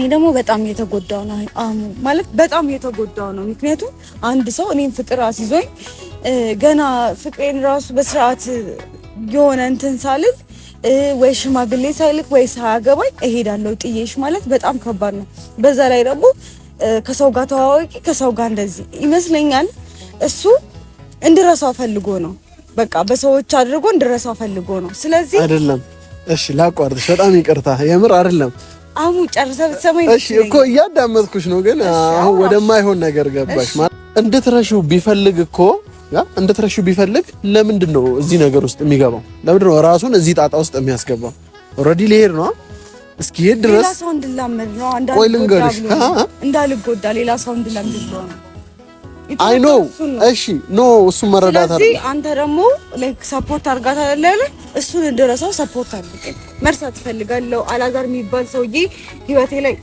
እኔ ደግሞ በጣም የተጎዳው ነው ማለት በጣም የተጎዳው ነው። ምክንያቱም አንድ ሰው እኔም ፍቅር አስይዞኝ ገና ፍቅሬን ራሱ በስርዓት የሆነ እንትን ሳልል ወይ ሽማግሌ ሳይልክ ወይ ሳያገባኝ እሄዳለሁ ጥዬሽ ማለት በጣም ከባድ ነው። በዛ ላይ ደግሞ ከሰው ጋር ተዋወቂ ከሰው ጋር እንደዚህ ይመስለኛል እሱ እንድረሳው ፈልጎ ነው። በቃ በሰዎች አድርጎ እንድረሳው ፈልጎ ነው። ስለዚህ አይደለም። እሺ ላቋርጥሽ፣ በጣም ይቅርታ የምር አይደለም አሙ ጨርሰህ ብትሰማኝ እኮ እያዳመጥኩሽ ነው፣ ግን አሁን ወደማይሆን ነገር ገባሽ። እንድትረሺው ቢፈልግ እኮ እንድትረሺው ቢፈልግ ለምንድን ነው እዚህ ነገር ውስጥ የሚገባው? ለምንድን ነው ራሱን እዚህ ጣጣ ውስጥ የሚያስገባው? ኦልሬዲ ሊሄድ ነው። እስኪሄድ ድረስ ሌላ ሰው እንድላመድ ነው። ቆይ ልንገርሽ፣ እንዳልጎዳ ሌላ ሰው እንድላመድ ነው አይ ኖ እሺ ኖ እሱ መረዳት አለ። አንተ ደግሞ ላይክ ሰፖርት አድርጋት አለ እሱን እንደረሳው ሰፖርት አድርገኝ። መርሳት እፈልጋለሁ። አላዛር የሚባል ሰውዬ ህይወቴ ላይ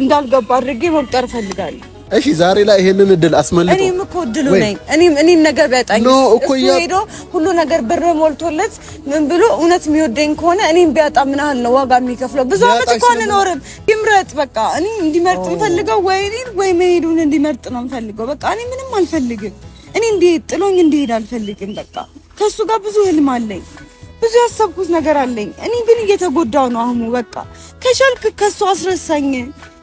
እንዳልገባ አድርጌ መቁጠር እፈልጋለሁ። እሺ ዛሬ ላይ ይሄንን እድል አስመልጦ እኔም እኮ እድሉ ነኝ። እኔም እኔም ነገር ቢያጣኝ እሱ ሄዶ ሁሉ ነገር ብር ሞልቶለት ምን ብሎ እውነት የሚወደኝ ከሆነ እኔም ቢያጣ ምን ያህል ነው ዋጋ የሚከፍለው? ብዙ አመት እኮ አንኖርም። ይምረጥ በቃ። እኔ እንዲመርጥ እንፈልገው ወይ እኔን ወይ መሄዱን እንዲመርጥ ነው እንፈልገው። በቃ እኔ ምንም አልፈልግም። እኔ እንዲሄድ ጥሎኝ እንዲሄድ አልፈልግም። በቃ ከእሱ ጋር ብዙ ህልም አለኝ። ብዙ ያሰብኩት ነገር አለኝ። እኔ ግን እየተጎዳው ነው አህሙ። በቃ ከቻልክ ከሱ አስረሳኝ።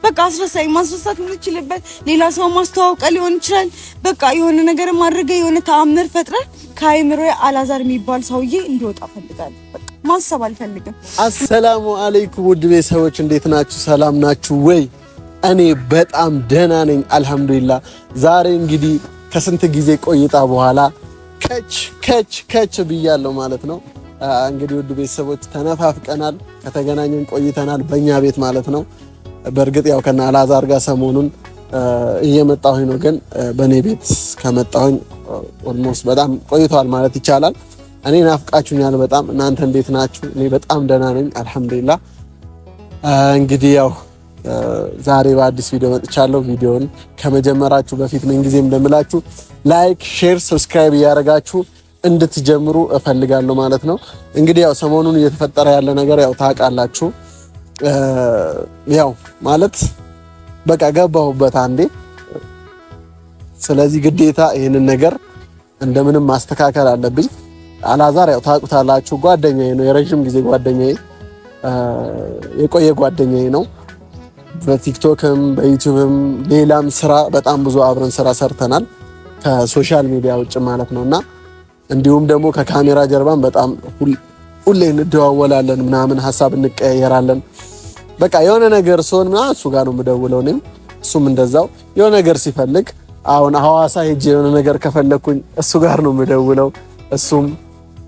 በቃ አስረሳኝ። ማስረሳት የምችልበት ሌላ ሰው ማስተዋወቀ ሊሆን ይችላል። በቃ የሆነ ነገር ማድረገ የሆነ ተአምር ፈጥረ ከአይምሮ አላዛር የሚባል ሰውዬ እንዲወጣ ፈልጋለሁ። በቃ ማሰብ አልፈልግም። አሰላሙ አለይኩም ውድ ቤተሰቦች፣ እንዴት ናችሁ? ሰላም ናችሁ ወይ? እኔ በጣም ደህና ነኝ አልሐምዱሊላ። ዛሬ እንግዲህ ከስንት ጊዜ ቆይታ በኋላ ከች ከች ከች ብያለሁ ማለት ነው እንግዲህ ውድ ቤተሰቦች ተነፋፍቀናል፣ ከተገናኘን ቆይተናል፣ በእኛ ቤት ማለት ነው። በእርግጥ ያው ከና አላዛር ጋር ሰሞኑን እየመጣሁኝ ነው፣ ግን በእኔ ቤት ከመጣሁኝ ኦልሞስት በጣም ቆይተዋል ማለት ይቻላል። እኔ ናፍቃችሁኛል በጣም። እናንተ እንዴት ናችሁ? እኔ በጣም ደህና ነኝ አልሐምዱሊላህ። እንግዲህ ያው ዛሬ በአዲስ ቪዲዮ መጥቻለሁ። ቪዲዮን ከመጀመራችሁ በፊት ምንጊዜም እንደምላችሁ ላይክ፣ ሼር፣ ሰብስክራይብ እያደረጋችሁ እንድትጀምሩ እፈልጋለሁ ማለት ነው። እንግዲህ ያው ሰሞኑን እየተፈጠረ ያለ ነገር ያው ታውቃላችሁ። ያው ማለት በቃ ገባሁበት አንዴ። ስለዚህ ግዴታ ይህንን ነገር እንደምንም ማስተካከል አለብኝ። አላዛር ያው ታውቁታላችሁ፣ ጓደኛዬ ነው፣ የረዥም ጊዜ ጓደኛዬ፣ የቆየ ጓደኛዬ ነው። በቲክቶክም በዩቲዩብም ሌላም ስራ በጣም ብዙ አብረን ስራ ሰርተናል፣ ከሶሻል ሚዲያ ውጭ ማለት ነው እና እንዲሁም ደግሞ ከካሜራ ጀርባን በጣም ሁሌ እንደዋወላለን ምናምን ሀሳብ እንቀያየራለን። በቃ የሆነ ነገር ሲሆን ምናምን እሱ ጋር ነው የምደውለው። እኔም እሱም እንደዛው የሆነ ነገር ሲፈልግ አሁን ሐዋሳ ሄጅ የሆነ ነገር ከፈለግኩኝ እሱ ጋር ነው የምደውለው። እሱም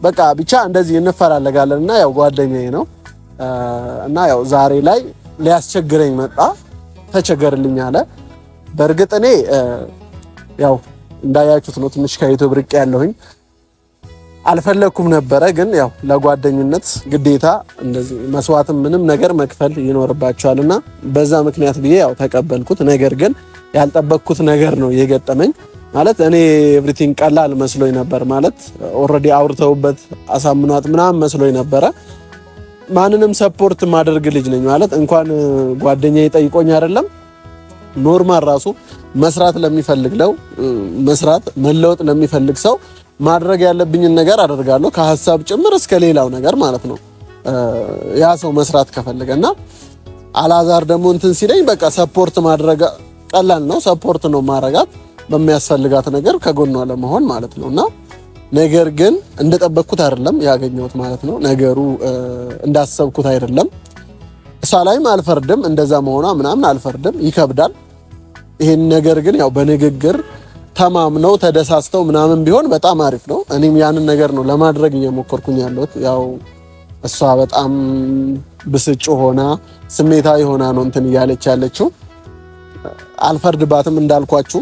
በቃ ብቻ እንደዚህ እንፈላለጋለን እና ያው ጓደኛዬ ነው እና ያው ዛሬ ላይ ሊያስቸግረኝ መጣ። ተቸገርልኝ አለ። በእርግጥ እኔ ያው እንዳያችሁት ነው ትንሽ ከዩቱብ ርቄ ያለሁኝ አልፈለኩም ነበረ ግን ያው ለጓደኝነት ግዴታ እንደዚህ መስዋዕትም ምንም ነገር መክፈል ይኖርባቸዋል እና በዛ ምክንያት ብዬ ያው ተቀበልኩት። ነገር ግን ያልጠበቅኩት ነገር ነው የገጠመኝ። ማለት እኔ ኤቭሪቲንግ ቀላል መስሎኝ ነበር። ማለት ኦልሬዲ አውርተውበት አሳምኗት ምናምን መስሎኝ ነበረ። ማንንም ሰፖርት ማደርግ ልጅ ነኝ ማለት እንኳን ጓደኛ ጠይቆኝ አይደለም ኖርማል ራሱ መስራት ለሚፈልግ ለው መስራት መለወጥ ለሚፈልግ ሰው ማድረግ ያለብኝን ነገር አደርጋለሁ፣ ከሀሳብ ጭምር እስከ ሌላው ነገር ማለት ነው። ያ ሰው መስራት ከፈለገ እና አላዛር ደግሞ እንትን ሲለኝ በቃ ሰፖርት ማድረግ ቀላል ነው። ሰፖርት ነው ማረጋት በሚያስፈልጋት ነገር ከጎኗ ለመሆን ማለት ነው እና ነገር ግን እንደጠበቅኩት አይደለም ያገኘሁት ማለት ነው። ነገሩ እንዳሰብኩት አይደለም። እሷ ላይም አልፈርድም፣ እንደዛ መሆኗ ምናምን አልፈርድም። ይከብዳል። ይሄን ነገር ግን ያው በንግግር ተማምነው ተደሳስተው ምናምን ቢሆን በጣም አሪፍ ነው። እኔም ያንን ነገር ነው ለማድረግ እየሞከርኩኝ ያለሁት። ያው እሷ በጣም ብስጩ ሆና ስሜታዊ ሆና ነው እንትን እያለች ያለችው። አልፈርድባትም፣ እንዳልኳችሁ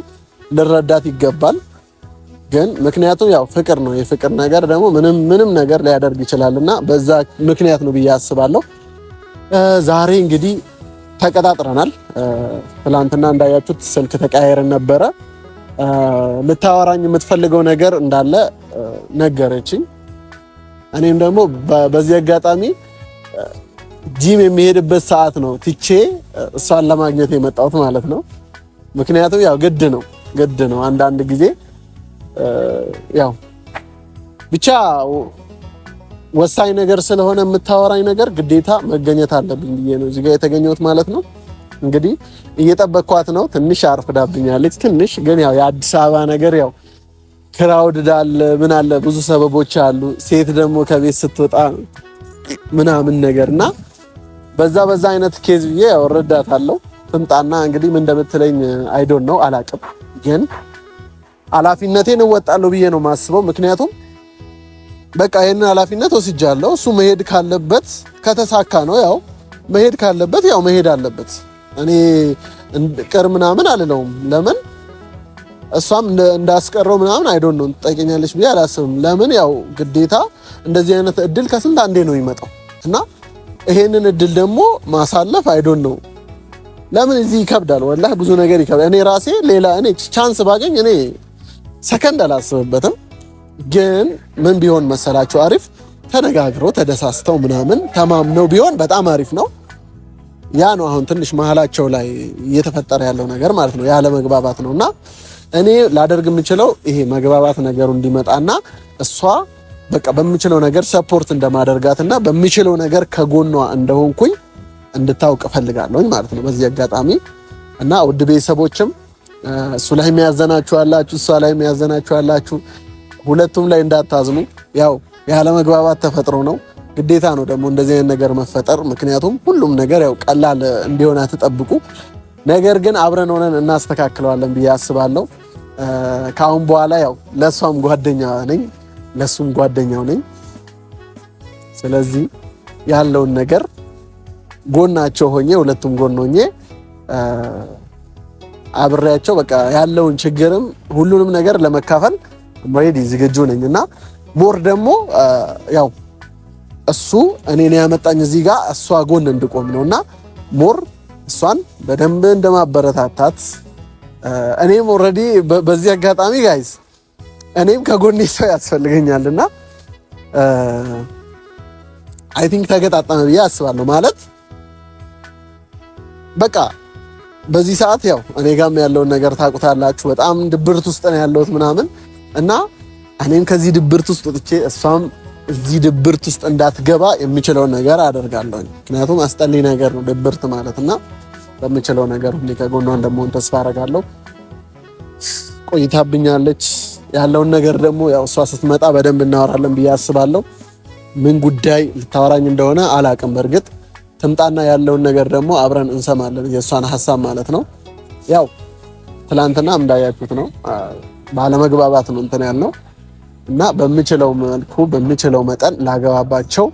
ልረዳት ይገባል። ግን ምክንያቱም ያው ፍቅር ነው። የፍቅር ነገር ደግሞ ምንም ምንም ነገር ሊያደርግ ይችላል እና በዛ ምክንያት ነው ብዬ አስባለሁ። ዛሬ እንግዲህ ተቀጣጥረናል። ትላንትና እንዳያችሁት ስልክ ተቀያየርን ነበረ ልታወራኝ የምትፈልገው ነገር እንዳለ ነገረችኝ። እኔም ደግሞ በዚህ አጋጣሚ ጂም የሚሄድበት ሰዓት ነው ትቼ እሷን ለማግኘት የመጣሁት ማለት ነው። ምክንያቱም ያው ግድ ነው ግድ ነው አንዳንድ ጊዜ ያው ብቻ ወሳኝ ነገር ስለሆነ የምታወራኝ ነገር ግዴታ መገኘት አለብኝ ብዬ ነው እዚህ ጋ የተገኘሁት ማለት ነው። እንግዲህ እየጠበቅኳት ነው። ትንሽ አርፍዳብኛለች። ትንሽ ግን ያው የአዲስ አበባ ነገር ያው ክራውድ ዳለ ምን አለ ብዙ ሰበቦች አሉ። ሴት ደግሞ ከቤት ስትወጣ ምናምን ነገር እና በዛ በዛ አይነት ኬዝ ብዬ ያው እረዳታለሁ። ትምጣና እንግዲህ ምን እንደምትለኝ አይዶን ነው አላቅም፣ ግን ኃላፊነቴን እወጣለሁ ብዬ ነው የማስበው። ምክንያቱም በቃ ይህንን ኃላፊነት ወስጃለሁ። እሱ መሄድ ካለበት ከተሳካ ነው ያው መሄድ ካለበት ያው መሄድ አለበት። እኔ ቅር ምናምን አልለውም። ለምን እሷም እንዳስቀረው ምናምን አይዶን ነው ትጠይቀኛለች ብዬ አላስብም። ለምን ያው ግዴታ እንደዚህ አይነት እድል ከስንት አንዴ ነው የሚመጣው እና ይሄንን እድል ደግሞ ማሳለፍ አይዶን ነው ለምን እዚህ ይከብዳል፣ ወላሂ ብዙ ነገር ይከብዳል። እኔ ራሴ ሌላ እኔ ቻንስ ባገኝ እኔ ሰከንድ አላስብበትም። ግን ምን ቢሆን መሰላችሁ አሪፍ ተነጋግረው ተደሳስተው ምናምን ተማምነው ቢሆን በጣም አሪፍ ነው። ያ ነው አሁን ትንሽ መሀላቸው ላይ እየተፈጠረ ያለው ነገር ማለት ነው። ያለ መግባባት ነው እና እኔ ላደርግ የምችለው ይሄ መግባባት ነገሩ እንዲመጣና እሷ በቃ በምችለው ነገር ሰፖርት እንደማደርጋትና በምችለው ነገር ከጎኗ እንደሆንኩኝ እንድታውቅ እፈልጋለሁኝ ማለት ነው በዚህ አጋጣሚ እና ውድ ቤተሰቦችም እሱ ላይ የሚያዘናችሁ አላችሁ፣ እሷ ላይ የሚያዘናችሁ አላችሁ፣ ሁለቱም ላይ እንዳታዝኑ። ያው ያለመግባባት ተፈጥሮ ነው። ግዴታ ነው ደግሞ እንደዚህ አይነት ነገር መፈጠር። ምክንያቱም ሁሉም ነገር ያው ቀላል እንዲሆን አትጠብቁ። ነገር ግን አብረን ሆነን እናስተካክለዋለን ብዬ አስባለሁ። ከአሁን በኋላ ያው ለእሷም ጓደኛ ነኝ፣ ለእሱም ጓደኛው ነኝ። ስለዚህ ያለውን ነገር ጎናቸው ሆኜ ሁለቱም ጎን ሆኜ አብሬያቸው በቃ ያለውን ችግርም ሁሉንም ነገር ለመካፈል ሬዲ ዝግጁ ነኝ እና ሞር ደግሞ ያው እሱ እኔን ያመጣኝ እዚህ ጋር እሷ ጎን እንድቆም ነው እና ሞር እሷን በደንብ እንደማበረታታት እኔም ኦልሬዲ በዚህ አጋጣሚ ጋይዝ እኔም ከጎኔ ሰው ያስፈልገኛል እና አይ ቲንክ ተገጣጠመ ብዬ አስባለሁ። ማለት በቃ በዚህ ሰዓት ያው እኔ ጋም ያለውን ነገር ታውቁታላችሁ። በጣም ድብርት ውስጥ ነው ያለሁት ምናምን እና እኔም ከዚህ ድብርት ውስጥ ወጥቼ እሷም እዚህ ድብርት ውስጥ እንዳትገባ የምችለው ነገር አደርጋለሁ። ምክንያቱም አስጠሊ ነገር ነው ድብርት ማለት እና በምችለው ነገር ሁሌ ከጎኗ እንደመሆን ተስፋ አደርጋለሁ። ቆይታብኛለች ያለውን ነገር ደግሞ ያው እሷ ስትመጣ በደንብ እናወራለን ብዬ አስባለሁ። ምን ጉዳይ ልታወራኝ እንደሆነ አላቅም። በእርግጥ ትምጣና ያለውን ነገር ደግሞ አብረን እንሰማለን፣ የእሷን ሀሳብ ማለት ነው። ያው ትላንትና እንዳያችሁት ነው ባለመግባባት ነው እንትን ያልነው እና በምችለው መልኩ በምችለው መጠን ላገባባቸው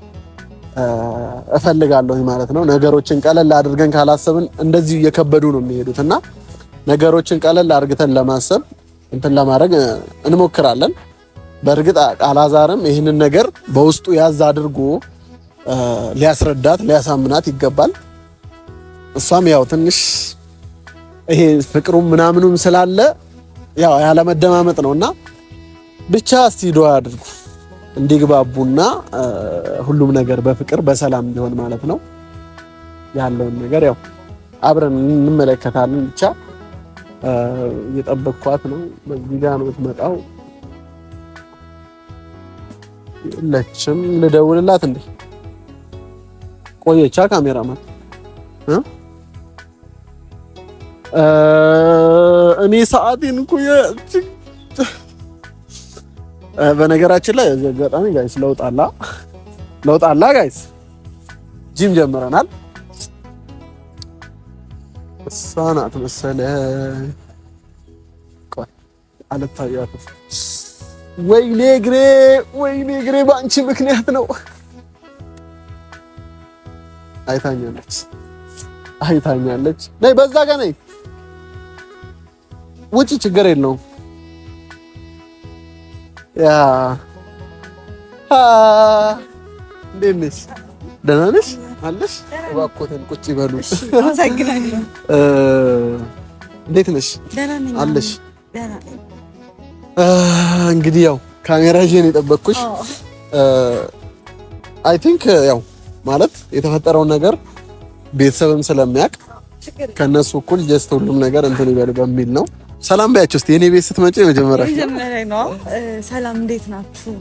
እፈልጋለሁ ማለት ነው። ነገሮችን ቀለል አድርገን ካላሰብን እንደዚሁ እየከበዱ ነው የሚሄዱት እና ነገሮችን ቀለል አድርግተን ለማሰብ እንትን ለማድረግ እንሞክራለን። በእርግጥ አላዛርም ይህንን ነገር በውስጡ ያዝ አድርጎ ሊያስረዳት ሊያሳምናት ይገባል። እሷም ያው ትንሽ ይሄ ፍቅሩም ምናምኑም ስላለ ያው ያለመደማመጥ ነው እና ብቻ እስቲ ዱዓ አድርጉ እንዲግባቡና ሁሉም ነገር በፍቅር በሰላም ቢሆን ማለት ነው። ያለውን ነገር ያው አብረን እንመለከታለን። ብቻ እየጠበቅኳት ነው። በዚህ ጋር ነው የምትመጣው። የለችም። ልደውልላት እንዴ? ቆየቻ ካሜራማን እኔ ሰዓቴን እኮ በነገራችን ላይ እዚህ አጋጣሚ ጋይስ ለውጣላ ለውጣላ ጋይስ ጂም ጀምረናል። እሷ ናት መሰለኝ አልታያትም። ወይኔ እግሬ ወይኔ እግሬ በአንቺ ምክንያት ነው። አይታኛለች አይታኛለች። ነይ በዛ ጋ ነይ ውጪ፣ ችግር የለውም ያ እንዴት ነሽ? ደህና ነሽ? አለሽ እባክዎትን ቁጭ ይበሉ። እንዴት ነሽ? አለሽ እንግዲህ ያው ካሜራ ይዤ ነው የጠበቅኩሽ። አይ ቲንክ ያው ማለት የተፈጠረውን ነገር ቤተሰብም ስለሚያውቅ ከእነሱ እኩል ጀስት ሁሉም ነገር እንትን ይበል በሚል ነው ሰላም ባያቸው እስቲ። የኔ ቤት ስትመጪ መጀመሪያ መጀመሪያ ነው። ሰላም እንዴት ናችሁ?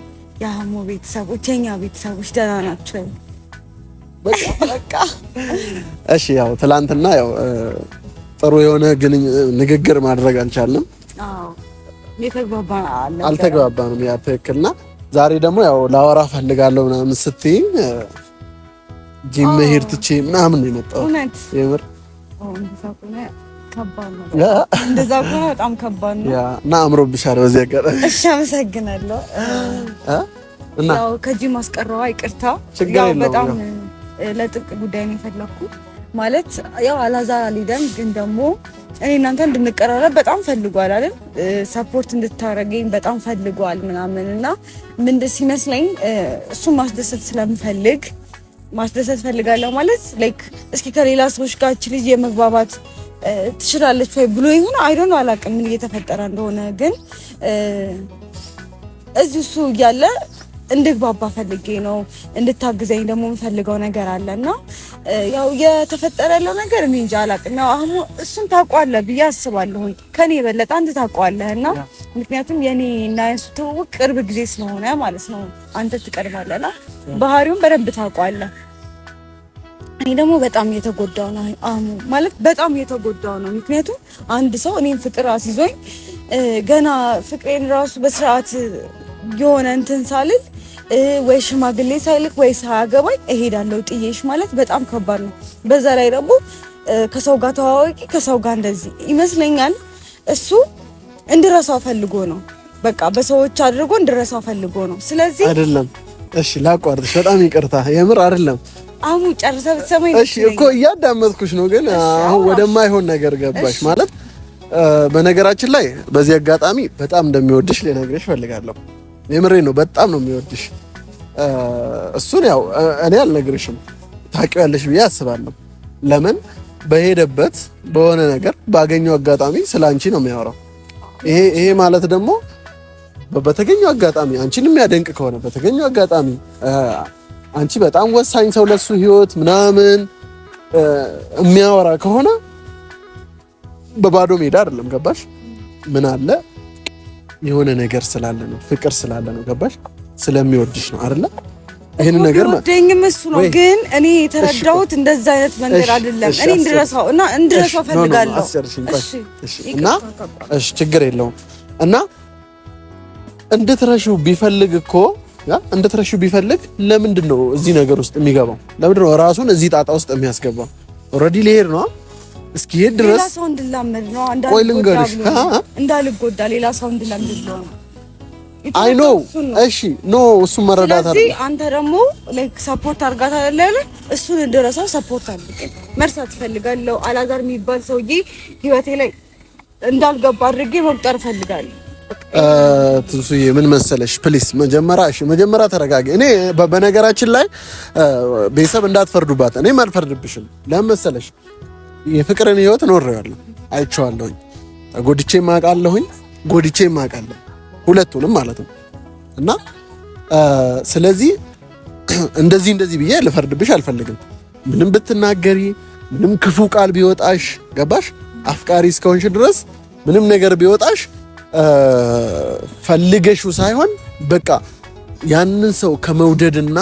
የሀሞ ቤተሰቦች፣ የኛ ቤተሰቦች ደህና ናቸው። በቃ እሺ። ያው ትላንትና ያው ጥሩ የሆነ ንግግር ማድረግ አልቻልንም። አዎ አልተግባባንም። ያ ትክክል እና ዛሬ ደግሞ ያው ላወራ ፈልጋለሁ ምናምን ስትይኝ ጂም መሄድ ትቼ ምናምን ነው የመጣሁት የምር ከባድ ነው። እንደዛ ከሆነ በጣም ከባድ ነው እና አምሮብሻል። በዚህ አጋጣሚ እሺ፣ አመሰግናለሁ። እና ያው ከጂም አስቀረዋ ይቅርታ። ያው በጣም ለጥብቅ ጉዳይ ነው የፈለኩት ማለት ያው አላዛር አልሄደም፣ ግን ደግሞ እኔ እናንተ እንድንቀራረብ በጣም ፈልጓል አይደል? ሰፖርት እንድታረገኝ በጣም ፈልጓል ምናምን እና ምን ሲመስለኝ እሱን ማስደሰት ስለምፈልግ ማስደሰት ፈልጋለሁ ማለት ላይክ እስኪ ከሌላ ሰዎች ጋር ልጅ የመግባባት ትችላለች ወይ ብሎ ይሁን አይ ዶንት ኖ አላውቅም፣ ምን እየተፈጠረ እንደሆነ ግን እዚሁ እሱ እያለ እንድግባባ ፈልጌ ነው እንድታግዘኝ ደግሞ የምፈልገው ነገር አለ እና ያው የተፈጠረ ያለው ነገር እኔ እንጃ አላውቅም። ያው አሁን እሱን ታውቀዋለህ ብዬ አስባለሁኝ ከኔ የበለጠ አንተ ታውቀዋለህ እና ምክንያቱም የኔ እና የሱ ትውውቅ ቅርብ ጊዜ ስለሆነ ማለት ነው አንተ ትቀድማለህ እና ባህሪውን በደንብ ታውቀዋለህ። እኔ ደግሞ በጣም የተጎዳው ነው አሙ ማለት በጣም የተጎዳው ነው። ምክንያቱም አንድ ሰው እኔም ፍቅር አስይዞኝ ገና ፍቅሬን ራሱ በስርዓት የሆነ እንትን ሳልል ወይ ሽማግሌ ሳይልክ ወይ ሳያገባኝ እሄዳለሁ ጥዬሽ ማለት በጣም ከባድ ነው። በዛ ላይ ደግሞ ከሰው ጋር ተዋወቂ ከሰው ጋር እንደዚህ ይመስለኛል እሱ እንድረሳው ፈልጎ ነው። በቃ በሰዎች አድርጎ እንድረሳው ፈልጎ ነው። ስለዚህ አይደለም። እሺ ላቋርጥሽ፣ በጣም ይቅርታ የምር አይደለም አሙ ጨርሰህ ብትሰማኝ እሺ እኮ እያዳመጥኩሽ ነው፣ ግን አሁን ወደማይሆን ነገር ገባሽ ማለት። በነገራችን ላይ በዚህ አጋጣሚ በጣም እንደሚወድሽ ልነግርሽ ፈልጋለሁ። የምሬ ነው፣ በጣም ነው የሚወድሽ። እሱን ያው እኔ አልነግርሽም፣ ታውቂያለሽ ብዬ አስባለሁ። ለምን በሄደበት በሆነ ነገር ባገኘው አጋጣሚ ስለ አንቺ ነው የሚያወራው። ይሄ ይሄ ማለት ደግሞ በተገኘው አጋጣሚ አንቺን የሚያደንቅ ከሆነ በተገኘው አጋጣሚ አንቺ በጣም ወሳኝ ሰው ለሱ ህይወት ምናምን የሚያወራ ከሆነ በባዶ ሜዳ አይደለም። ገባሽ? ምን አለ የሆነ ነገር ስላለ ነው፣ ፍቅር ስላለ ነው። ገባሽ? ስለሚወድሽ ነው አይደለ? ይሄን ነገር ወደኝም እሱ ነው። ግን እኔ የተረዳሁት እንደዛ አይነት መንገድ አይደለም። እኔ እንድረሳው እና እንድረሳው ፈልጋለሁ። እና እሺ፣ ችግር የለውም እና እንድትረሺው ቢፈልግ እኮ እንድትረሺው ቢፈልግ ለምንድን ነው እዚህ ነገር ውስጥ የሚገባው? ለምንድን ነው ራሱን እዚህ ጣጣ ውስጥ የሚያስገባው? ኦልሬዲ ሊሄድ ነው። እስኪ ሄድ ድረስ ሌላ ሰው እንድላመድ ነው። ቆይ ልንገርሽ፣ እንዳልጎዳ ሌላ ሰው እንድላመድ ነው። አይ ኖ እሺ፣ ኖ እሱ መረዳት አለ። አንተ ደግሞ ላይክ ሰፖርት አድርጋት አለ እሱን እንድረሳው ሰፖርት አድርገኝ። መርሳት እፈልጋለሁ። አላዛር የሚባል ሰውዬ ህይወቴ ላይ እንዳልገባ አድርጌ መቁጠር ፈልጋለሁ። ትንሱዬ ምን መሰለሽ፣ ፕሊስ መጀመሪያ እሺ፣ መጀመሪያ ተረጋጊ። እኔ በነገራችን ላይ ቤተሰብ እንዳትፈርዱባት፣ እኔም አልፈርድብሽም። ለምን መሰለሽ፣ የፍቅርን ህይወት ኖሬዋለሁ፣ አይቼዋለሁኝ፣ ጎድቼ ማቃለሁኝ፣ ጎድቼ ማቃለሁ፣ ሁለቱንም ማለት ነው። እና ስለዚህ እንደዚህ እንደዚህ ብዬ ልፈርድብሽ አልፈልግም። ምንም ብትናገሪ፣ ምንም ክፉ ቃል ቢወጣሽ፣ ገባሽ? አፍቃሪ እስከሆንሽ ድረስ ምንም ነገር ቢወጣሽ ፈልገሹ ሳይሆን በቃ ያንን ሰው ከመውደድና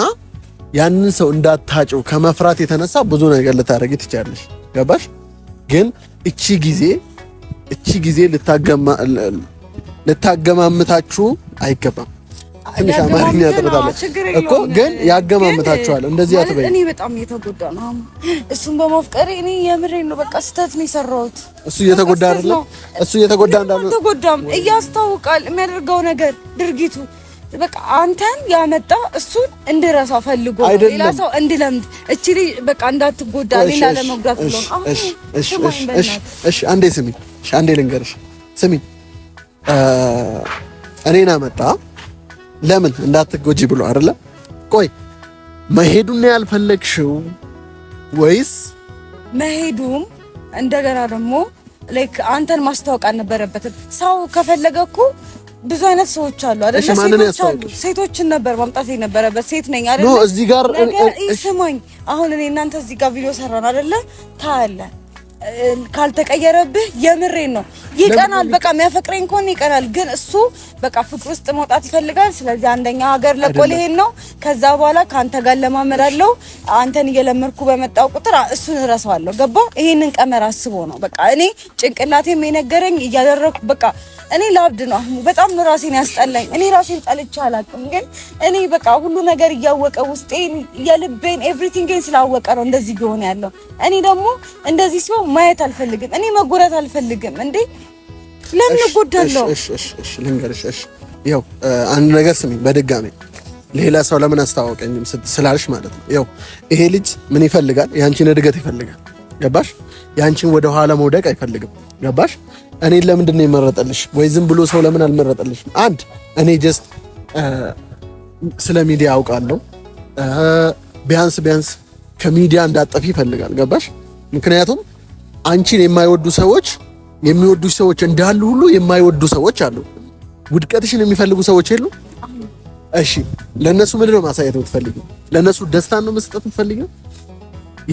ያንን ሰው እንዳታጭው ከመፍራት የተነሳ ብዙ ነገር ልታደርግ ትችላለሽ። ገባሽ? ግን እቺ ጊዜ እቺ ጊዜ ልታገማምታችሁ አይገባም። ትንሽ አማርኛ ጥቅታለች እኮ ግን ያገማምታችኋል። እንደዚህ አትበይ። እኔ በጣም እየተጎዳ ነው እሱን በማፍቀሬ እኔ የምሬን ነው። በቃ ስህተት ነው የሰራሁት። እሱ እየተጎዳ አይደለም። እሱ እየተጎዳ እንዳለ ተጎዳም እያስታውቃል የሚያደርገው ነገር ድርጊቱ በቃ አንተን ያመጣ እሱን እንድረሳ ፈልጎ ሌላ ሰው እንድለምድ እቺ በቃ እንዳትጎዳ ሌላ ለመጉዳት ብሎ እሺ። አንዴ ስሚ፣ አንዴ ልንገርሽ፣ ስሚ እኔን አመጣ ለምን እንዳትጎጂ ብሎ አይደለ? ቆይ መሄዱን ያልፈለግሽው ወይስ መሄዱም እንደገና ደግሞ ላይክ አንተን ማስተዋወቅ አልነበረበትም። ሰው ከፈለገ እኮ ብዙ አይነት ሰዎች አሉ አይደል? አሉ። ሴቶችን ነበር ማምጣት የነበረበት። ሴት ነኝ አይደል? ኖ እዚህ ጋር ስማኝ፣ አሁን እኔ እናንተ እዚህ ጋር ቪዲዮ ሰራን አይደለ? ታያለህ ካልተቀየረብህ የምሬን ነው ይቀናል። በቃ የሚያፈቅረኝ ከሆነ ይቀናል። ግን እሱ በቃ ፍቅር ውስጥ መውጣት ይፈልጋል። ስለዚህ አንደኛ ሀገር ለቆ ሊሄድ ነው። ከዛ በኋላ ከአንተ ጋር ለማመራለው አንተን እየለመድኩ በመጣው ቁጥር እሱን እረሳዋለሁ። ገባ? ይህንን ቀመር አስቦ ነው በቃ እኔ ጭንቅላቴም የነገረኝ እያደረኩ በቃ እኔ ላብድ ነው አህሙ። በጣም ራሴን ያስጠላኝ። እኔ ራሴን ጠልቼ አላውቅም፣ ግን እኔ በቃ ሁሉ ነገር እያወቀ ውስጤን የልቤን ኤቭሪቲንግን ስላወቀ ነው እንደዚህ ቢሆን ያለው። እኔ ደግሞ እንደዚህ ሲሆን ማየት አልፈልግም። እኔ መጎዳት አልፈልግም። እንዴ ለምን እጎዳለሁ? እሺ እሺ እሺ ልንገርሽ። እሺ ያው አንድ ነገር ስሚ፣ በድጋሚ ሌላ ሰው ለምን አስተዋወቀኝም ስላልሽ ማለት ነው። ያው ይሄ ልጅ ምን ይፈልጋል? ያንቺን እድገት ይፈልጋል። ገባሽ? ያንቺን ወደ ኋላ መውደቅ አይፈልግም። ገባሽ? እኔን ለምንድን ነው የመረጠልሽ? ወይ ዝም ብሎ ሰው ለምን አልመረጠልሽ? አንድ እኔ ጀስት ስለ ሚዲያ አውቃለሁ። ቢያንስ ቢያንስ ከሚዲያ እንዳጠፊ ይፈልጋል። ገባሽ? ምክንያቱም አንቺን የማይወዱ ሰዎች የሚወዱ ሰዎች እንዳሉ ሁሉ የማይወዱ ሰዎች አሉ። ውድቀትሽን የሚፈልጉ ሰዎች የሉ። እሺ፣ ለእነሱ ምንድን ነው ማሳየት የምትፈልጊ? ለእነሱ ደስታን ነው መስጠት የምትፈልጊ?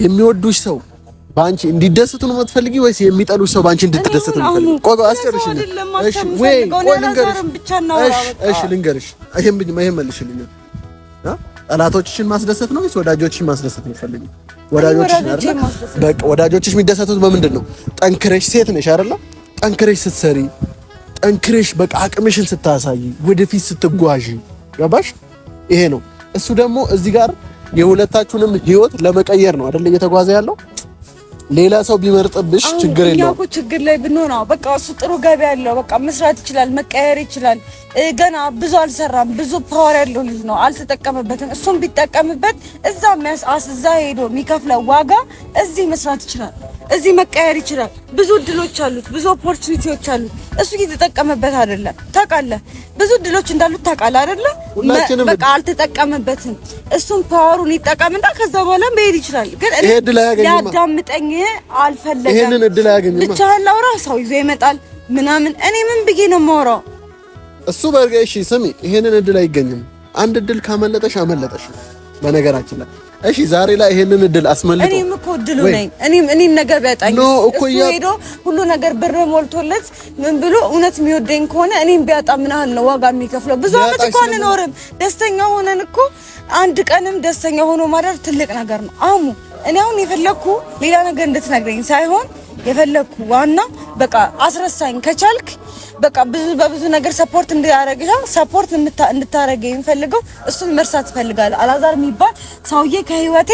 የሚወዱሽ ሰው በአንቺ እንዲደሰቱ ነው የምትፈልጊ ወይስ የሚጠሉሽ ሰው በአንቺ እንድትደሰት ነው የምትፈልጊ? ቆይ አስጨርሽ። እሺ ወይ ቆይ ልንገርሽ። እሺ እሺ ልንገርሽ። ይሄን ብኝ መልሽልኝ። ጠላቶችሽን ማስደሰት ነው ወይስ ወዳጆችሽን ማስደሰት ነው የምትፈልጊው? ወዳጆችሽ የሚደሰቱት በምንድን ነው? ጠንክረሽ ሴት ነሽ አይደለ? ጠንክረሽ ስትሰሪ፣ ጠንክረሽ በቃ አቅምሽን ስታሳይ፣ ወደፊት ስትጓዥ፣ ገባሽ? ይሄ ነው። እሱ ደግሞ እዚህ ጋር የሁለታችሁንም ህይወት ለመቀየር ነው አይደለ እየተጓዘ ያለው ሌላ ሰው ቢመርጥብሽ ችግር የለውም። እኛ እኮ ችግር ላይ ብንሆን በቃ እሱ ጥሩ ገቢ ያለው በቃ መስራት ይችላል፣ መቀየር ይችላል። ገና ብዙ አልሰራም፣ ብዙ ፓወር ያለው ልጅ ነው፣ አልተጠቀምበትም። እሱም ቢጠቀምበት እዛ ሚያስአስ እዛ ሄዶ የሚከፍለው ዋጋ እዚህ መስራት ይችላል፣ እዚህ መቀየር ይችላል። ብዙ እድሎች አሉት፣ ብዙ ኦፖርቹኒቲዎች አሉት። እሱ እየተጠቀመበት አይደለም። ታውቃለህ፣ ብዙ እድሎች እንዳሉት ታውቃለህ አይደለ? በቃ አልተጠቀመበትም። እሱም ፓወሩን ይጠቀምና ከዛ በኋላ መሄድ ይችላል። ግን እኔ ሊያዳምጠኝ አልፈለገም። ይሄንን እድል አያገኝም። ብቻ ላውራ ሰው ይዞ ይመጣል ምናምን። እኔ ምን ብዬ ነው የማወራው? እሱ በርገሽ እሺ፣ ስሚ፣ ይሄንን እድል አይገኝም። አንድ እድል ካመለጠሽ አመለጠሽ። በነገራችን ላይ እሺ ዛሬ ላይ ይሄንን እድል አስመልጦ እኔም እኮ እድሉ ነኝ። እኔም እኔም ነገር ቢያጣኝ እሱ ሄዶ ሁሉ ነገር ብር ሞልቶለት ምን ብሎ እውነት የሚወደኝ ከሆነ እኔም ቢያጣ ምን ያህል ነው ዋጋ የሚከፍለው? ብዙ አመት እኮ አንኖርም። ደስተኛ ሆነን እኮ አንድ ቀንም ደስተኛ ሆኖ ማደር ትልቅ ነገር ነው። አሙ እኔ አሁን የፈለኩ ሌላ ነገር እንድትነግረኝ ሳይሆን የፈለግኩ ዋና በቃ አስረሳኝ ከቻልክ በቃ ብዙ በብዙ ነገር ሰፖርት እንዲያረግሻ ሰፖርት እንድታረገ የምፈልገው እሱን መርሳት እፈልጋለሁ። አላዛር የሚባል ሰውዬ ከህይወቴ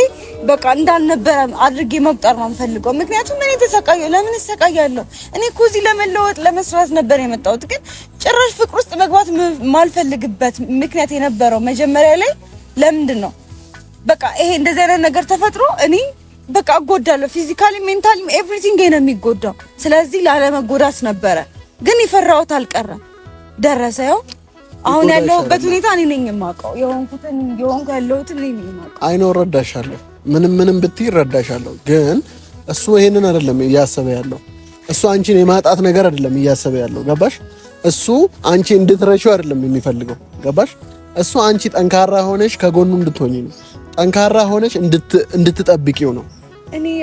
በቃ እንዳልነበረ አድርጌ መቁጠር ነው የምፈልገው። ምክንያቱም እኔ ተሰቃየሁ። ለምን እሰቃያለሁ? እኔ እኮ እዚህ ለመለወጥ ለመስራት ነበር የመጣሁት። ግን ጭራሽ ፍቅር ውስጥ መግባት ማልፈልግበት ምክንያት የነበረው መጀመሪያ ላይ ለምንድን ነው? በቃ ይሄ እንደዚህ አይነት ነገር ተፈጥሮ እኔ በቃ እጎዳለሁ። ፊዚካሊ ሜንታሊ፣ ኤቭሪቲንግ ነው የሚጎዳው። ስለዚህ ላለመጎዳት ነበረ፣ ግን የፈራሁት አልቀረም ደረሰ። ያው አሁን ያለሁበት ሁኔታ እኔ ነኝ የማውቀው፣ የሆንኩትን የሆንኩ ያለሁትን እኔ ነኝ የማውቀው። አይኖ እረዳሻለሁ፣ ምንም ምንም ብትይ እረዳሻለሁ። ግን እሱ ይሄንን አይደለም እያሰበ ያለው እሱ አንቺን የማጣት ነገር አይደለም እያሰበ ያለው ገባሽ? እሱ አንቺ እንድትረሺው አይደለም የሚፈልገው ገባሽ? እሱ አንቺ ጠንካራ ሆነሽ ከጎኑ እንድትሆኝ ነው፣ ጠንካራ ሆነሽ እንድትጠብቂው ነው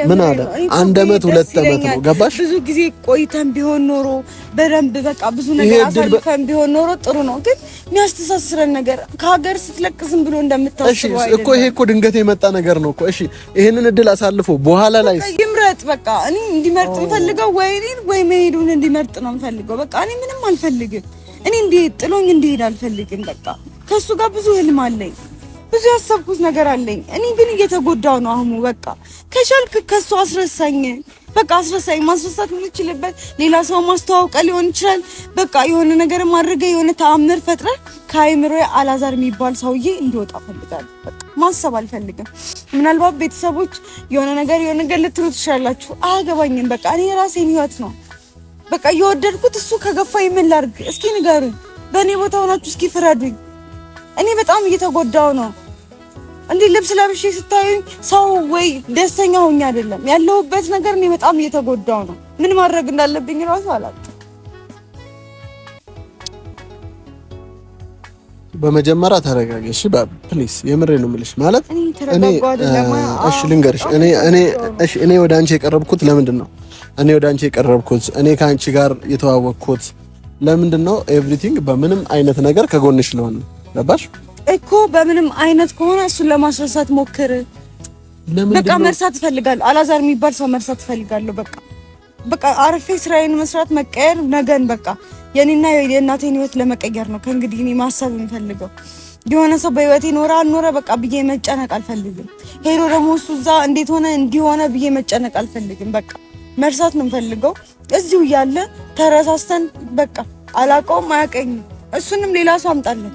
ምን አለ አንድ አመት ሁለት አመት ነው ገባሽ? ብዙ ጊዜ ቆይተን ቢሆን ኖሮ በደንብ በቃ ብዙ ነገር አሳልፈን ቢሆን ኖሮ ጥሩ ነው። ግን የሚያስተሳስረን ነገር ከሀገር ስትለቅ ዝም ብሎ እንደምታስበው እሺ፣ እኮ። ይሄ እኮ ድንገት የመጣ ነገር ነው እኮ። እሺ ይሄንን እድል አሳልፎ በኋላ ላይ ይምረጥ። በቃ እኔ እንዲመርጥ የምፈልገው ወይ እኔን ወይ መሄዱን እንዲመርጥ ነው የምፈልገው። በቃ እኔ ምንም አልፈልግም። እኔ እንዲሄድ ጥሎኝ እንዲሄድ አልፈልግም። በቃ ከሱ ጋር ብዙ ህልም አለኝ ብዙ ያሰብኩት ነገር አለኝ። እኔ ግን እየተጎዳው ነው አህሙ። በቃ ከቻልክ ከሱ አስረሳኝ። በቃ አስረሳኝ። ማስረሳት የምችልበት ሌላ ሰው ማስተዋወቀ ሊሆን ይችላል። በቃ የሆነ ነገር ማድረገ የሆነ ተአምር ፈጥረ ከአይምሮ አላዛር የሚባል ሰውዬ እንዲወጣ ፈልጋል። በቃ ማሰብ አልፈልግም። ምናልባት ቤተሰቦች የሆነ ነገር የሆነ ነገር ልትሉ ትችላላችሁ። አያገባኝም። በቃ እኔ የራሴን ህይወት ነው በቃ እየወደድኩት። እሱ ከገፋ ምን እስኪ ንገሩኝ። በእኔ ቦታ ሆናችሁ እስኪ ፍረዱኝ። እኔ በጣም እየተጎዳው ነው። እንዴ ልብስ ለብሼ ስታዩኝ ሰው ወይ ደስተኛ ሆኜ አይደለም ያለሁበት ነገር እኔ በጣም እየተጎዳው ነው። ምን ማድረግ እንዳለብኝ ራሱ አላውቅም። በመጀመሪያ ተረጋጊ እሺ። ፕሊስ። የምሬ ነው የምልሽ። ማለት እኔ እሺ ልንገርሽ፣ እኔ እኔ እሺ እኔ ወደ አንቺ የቀረብኩት ለምንድን ነው? እኔ ወደ አንቺ የቀረብኩት እኔ ከአንቺ ጋር የተዋወቅኩት ለምንድን ነው? ኤቭሪቲንግ በምንም አይነት ነገር ከጎንሽ ለሆነ ገባሽ? እኮ በምንም አይነት ከሆነ እሱን ለማስረሳት ሞክር። በቃ መርሳት እፈልጋለሁ። አላዛር የሚባል ሰው መርሳት እፈልጋለሁ። በቃ በቃ አርፌ ስራዬን መስራት መቀየር፣ ነገን በቃ የኔና የእናቴን ህይወት ለመቀየር ነው ከእንግዲህ እኔ ማሰብ የምፈልገው። የሆነ ሰው በህይወቴ ኖረ አልኖረ በቃ ብዬ መጨነቅ አልፈልግም። ሄዶ ደግሞ እሱ እዛ እንዴት ሆነ እንዲሆነ ብዬ መጨነቅ አልፈልግም። በቃ መርሳት ነው የምፈልገው። እዚሁ እያለ ተረሳስተን በቃ አላውቀውም፣ አያውቀኝም። እሱንም ሌላ ሰው አምጣለን።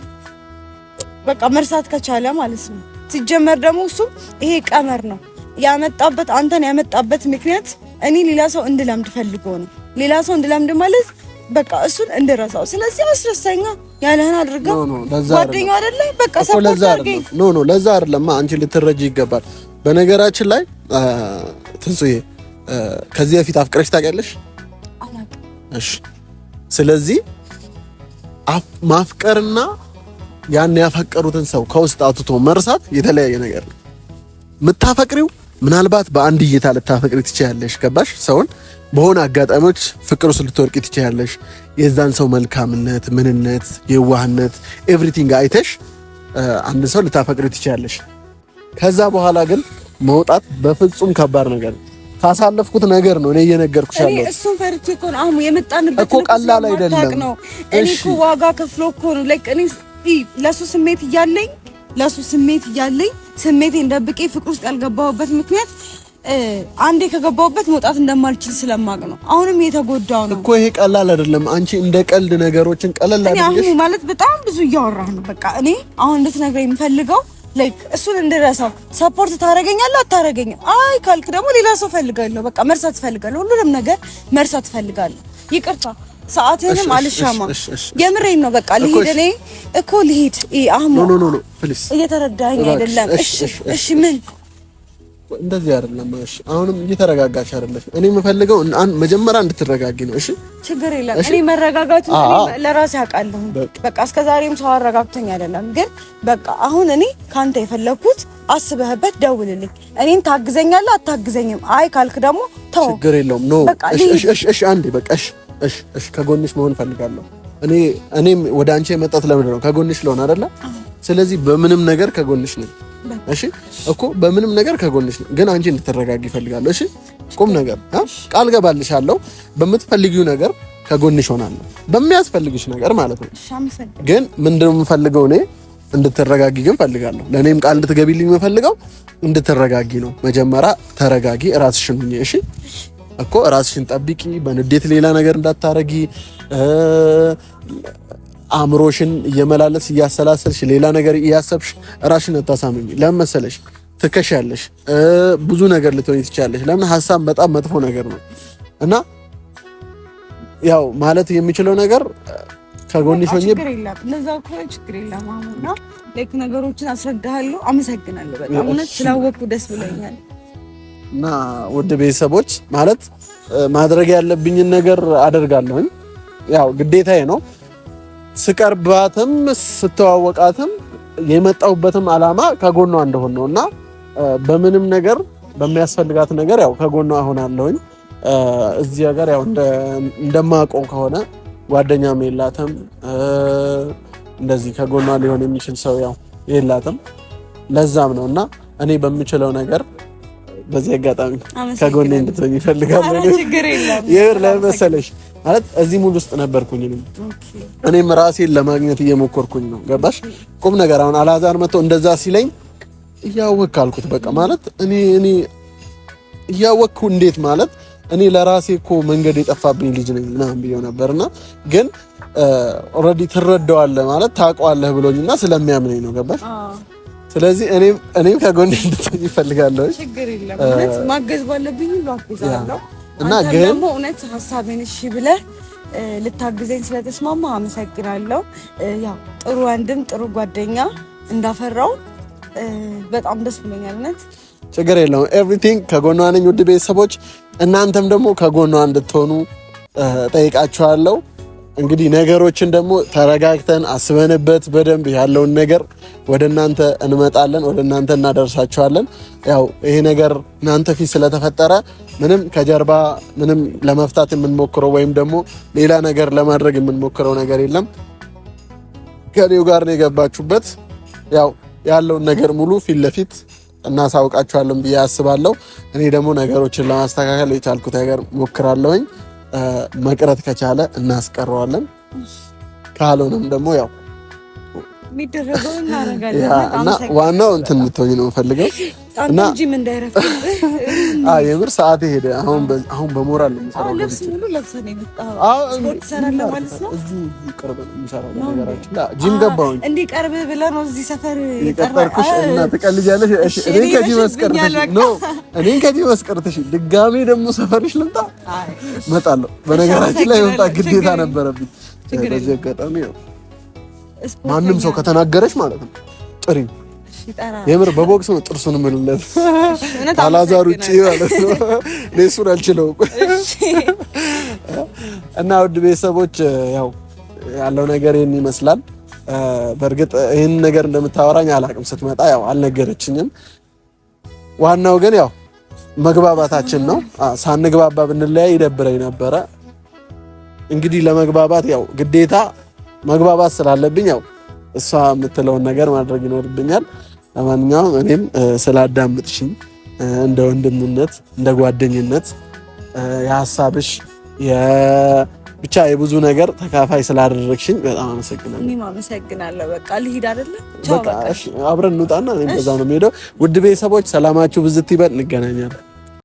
በቃ መርሳት ከቻለ ማለት ነው። ሲጀመር ደግሞ እሱ ይሄ ቀመር ነው ያመጣበት አንተን ያመጣበት ምክንያት እኔ ሌላ ሰው እንድለምድ ፈልጎ ነው። ሌላ ሰው እንድለምድ ማለት በቃ እሱን እንድረሳው። ስለዚህ አስረሳኛ ያለህን አድርገው ጓደኛ አደለ በቃ ሰፖርት ኖ ኖ ለዛ አይደለማ አንቺ ልትረጂ ይገባል። በነገራችን ላይ ትንሱዬ ከዚህ በፊት አፍቅረሽ ታውቂያለሽ? እሺ። ስለዚህ ማፍቀርና ያን ያፈቀሩትን ሰው ከውስጥ አትቶ መርሳት የተለያየ ነገር ነው። የምታፈቅሪው ምናልባት በአንድ እይታ ልታፈቅሪ ትችያለሽ። ገባሽ? ሰውን በሆነ አጋጣሚዎች ፍቅር ውስጥ ልትወርቂ ትችያለሽ። የዛን ሰው መልካምነት፣ ምንነት፣ የዋህነት ኤቭሪቲንግ አይተሽ አንድ ሰው ልታፈቅሪ ትችያለሽ። ከዛ በኋላ ግን መውጣት በፍጹም ከባድ ነገር ነው። ካሳለፍኩት ነገር ነው እኔ እየነገርኩሽ ያለው። እሱን ፈርቼ እኮ ነው አሁን የመጣንበት እኮ ቀላል አይደለም። እሺ ዋጋ ከፍሎ እኮ ነው ለሱ ስሜት እያለኝ ለሱ ስሜት እያለኝ ስሜቴን ደብቄ ፍቅር ውስጥ ያልገባሁበት ምክንያት አንዴ ከገባሁበት መውጣት እንደማልችል ስለማቅ ነው። አሁንም የተጎዳው ነው እኮ ይሄ ቀላል አይደለም። አንቺ እንደ ቀልድ ነገሮችን ቀለል አድርገሽ አሁን ማለት በጣም ብዙ እያወራህ ነው። በቃ እኔ አሁን እንድትነግረኝ የምፈልገው ላይክ እሱን እንድረሳው ሰፖርት ታደርገኛለህ አታደርገኝም? አይ ካልክ ደግሞ ሌላ ሰው ፈልጋለሁ። በቃ መርሳት ፈልጋለሁ። ሁሉንም ነገር መርሳት ፈልጋለሁ። ይቅርታ ሰዓትህንም አልሻማ። የምሬን ነው። በቃ ልሂድ፣ እኔ እኮ ልሂድ። አህሙ እየተረዳኸኝ አይደለም። እሺ ምን እንደዚህ አይደለም። እሺ አሁንም አይደለም። እኔ የምፈልገው መጀመሪያ እንድትረጋጊ ነው። እሺ ችግር የለም። እኔ መረጋጋቱ ለራሴ አውቃለሁ። በቃ እስከ ዛሬም ሰው አረጋግቶኝ አይደለም። ግን በቃ አሁን እኔ ካንተ የፈለኩት አስበህበት ደውልልኝ። እኔን ታግዘኛለህ አታግዘኝም? አይ ካልክ ደግሞ ተው፣ ችግር የለውም። ኖ እሺ እሺ እሺ አንዴ በቃ እሺ እሺ፣ እሺ፣ ከጎንሽ መሆን ፈልጋለሁ። እኔ እኔም ወደ አንቺ የመጣሁት ለምንድን ነው? ከጎንሽ ለሆነ አይደለ? ስለዚህ በምንም ነገር ከጎንሽ ነኝ። እሺ እኮ በምንም ነገር ከጎንሽ ነኝ፣ ግን አንቺ እንድትረጋጊ ፈልጋለሁ እሺ፣ ቁም ነገር ቃል ገባልሻለሁ። በምትፈልጊው ነገር ከጎንሽ ሆናለሁ፣ በሚያስፈልግሽ ነገር ማለት ነው። ግን ምንድነው የምፈልገው እኔ እንድትረጋጊ ግን ፈልጋለሁ። ለእኔም ቃል እንድትገቢልኝ የምፈልገው እንድትረጋጊ ነው። መጀመሪያ ተረጋጊ፣ እራስሽን ሁኚ። እሺ እኮ ራስሽን ጠብቂ፣ በንዴት ሌላ ነገር እንዳታረጊ፣ አእምሮሽን እየመላለስ እያሰላሰልሽ ሌላ ነገር እያሰብሽ ራስሽን አታሳምሚ። ለምን መሰለሽ? ትከሻለሽ፣ ብዙ ነገር ልትሆኝ ትችላለሽ። ለምን ሀሳብ በጣም መጥፎ ነገር ነው እና ያው ማለት የሚችለው ነገር ከጎንሽ ሆኜ ችግር የለም። ለዛ እኮ ችግር የለም። አሁን ነገሮችን አስረዳሃለሁ። አመሰግናለሁ። በጣም እውነት ስላወቅኩ ደስ ብሎኛል። እና ውድ ቤተሰቦች ማለት ማድረግ ያለብኝን ነገር አደርጋለሁኝ። ያው ግዴታዬ ነው። ስቀርባትም ስተዋወቃትም የመጣሁበትም አላማ ከጎኗ እንደሆን ነው እና በምንም ነገር በሚያስፈልጋት ነገር ያው ከጎኗ እሆናለሁኝ። እዚህ ሀገር ያው እንደማውቀው ከሆነ ጓደኛም የላትም እንደዚህ ከጎኗ ሊሆን የሚችል ሰው ያው የላትም። ለዛም ነው እና እኔ በምችለው ነገር በዚህ አጋጣሚ ከጎን እንድትሆኝ ይፈልጋል። ለምን መሰለሽ ማለት እዚህ ሙሉ ውስጥ ነበርኩኝ እኔም ራሴን ለማግኘት እየሞከርኩኝ ነው። ገባሽ ቁም ነገር አሁን አላዛር መጥቶ እንደዛ ሲለኝ እያወቅህ አልኩት። በቃ ማለት እኔ እኔ እያወቅሁ እንዴት ማለት እኔ ለራሴ እኮ መንገድ የጠፋብኝ ልጅ ነኝ ምናምን ብዬው ነበርና ግን ኦልሬዲ ትረዳዋለህ ማለት ታውቀዋለህ ብሎኝና ስለሚያምነኝ ነው ገባሽ ስለዚህ እኔም ከጎን እንድትሆኝ ይፈልጋለሁ። ችግር የለም ማገዝ ባለብኝ ሁሉ አግዛለሁ። እና ግን ደግሞ እውነት ሀሳቤን እሺ ብለህ ልታግዘኝ ስለተስማማ አመሰግናለሁ። ያው ጥሩ ወንድም ጥሩ ጓደኛ እንዳፈራው በጣም ደስ ብሎኛል። እውነት ችግር የለውም። ኤቭሪቲንግ ከጎኗ ነኝ። ውድ ቤተሰቦች እናንተም ደግሞ ከጎኗ እንድትሆኑ ጠይቃችኋለሁ። እንግዲህ ነገሮችን ደግሞ ተረጋግተን አስበንበት በደንብ ያለውን ነገር ወደ እናንተ እንመጣለን፣ ወደ እናንተ እናደርሳችኋለን። ያው ይሄ ነገር እናንተ ፊት ስለተፈጠረ ምንም ከጀርባ ምንም ለመፍታት የምንሞክረው ወይም ደግሞ ሌላ ነገር ለማድረግ የምንሞክረው ነገር የለም። ከኔው ጋር ነው የገባችሁበት። ያው ያለውን ነገር ሙሉ ፊት ለፊት እናሳውቃችኋለን ብዬ አስባለሁ። እኔ ደግሞ ነገሮችን ለማስተካከል የቻልኩት ነገር ሞክራለሁኝ። መቅረት ከቻለ እናስቀረዋለን። ካልሆነም ደግሞ ያው ዋናው እንትን እንድትሆኝ ነው የምፈልገው። እና የምር ሰዓት ሄደ። አሁን በሞራል ነው የምሰራው። ጂም ገባሁኝ። እንዲህ ቀርብ ብለህ ነው እዚህ ሰፈር የቀጠርኩሽ እና ትቀልጃለሽ። እኔን ከዚህ መስቀርትሽ ድጋሜ ደግሞ ሰፈርሽ ልምጣ እመጣለሁ። በነገራችን ላይ መምጣት ግዴታ ነበረብኝ በዚህ አጋጣሚ ማንም ሰው ከተናገረች ማለት ነው ጥሪ የምር በቦክስ ነው ጥርሱን ምልለት ታላዛሩ ውጭ ማለት ነው። እሱን አልችለውም። እና ውድ ቤተሰቦች ያው ያለው ነገር ይህን ይመስላል። በእርግጥ ይህን ነገር እንደምታወራኝ አላቅም። ስትመጣ ያው አልነገረችኝም። ዋናው ግን ያው መግባባታችን ነው። ሳንግባባ ብንለያይ ይደብረኝ ነበረ። እንግዲህ ለመግባባት ያው ግዴታ መግባባት ስላለብኝ ያው እሷ የምትለውን ነገር ማድረግ ይኖርብኛል። ለማንኛውም እኔም ስላዳምጥሽኝ እንደ ወንድምነት እንደ ጓደኝነት የሀሳብሽ ብቻ የብዙ ነገር ተካፋይ ስላደረግሽኝ በጣም አመሰግናለሁ። እኔም አመሰግናለሁ። በቃ ልሂድ አይደለ? አብረን እንውጣና እኔም በዛ ነው የምሄደው። ውድ ቤተሰቦች ሰላማችሁ ብዝት ይበል። እንገናኛለን።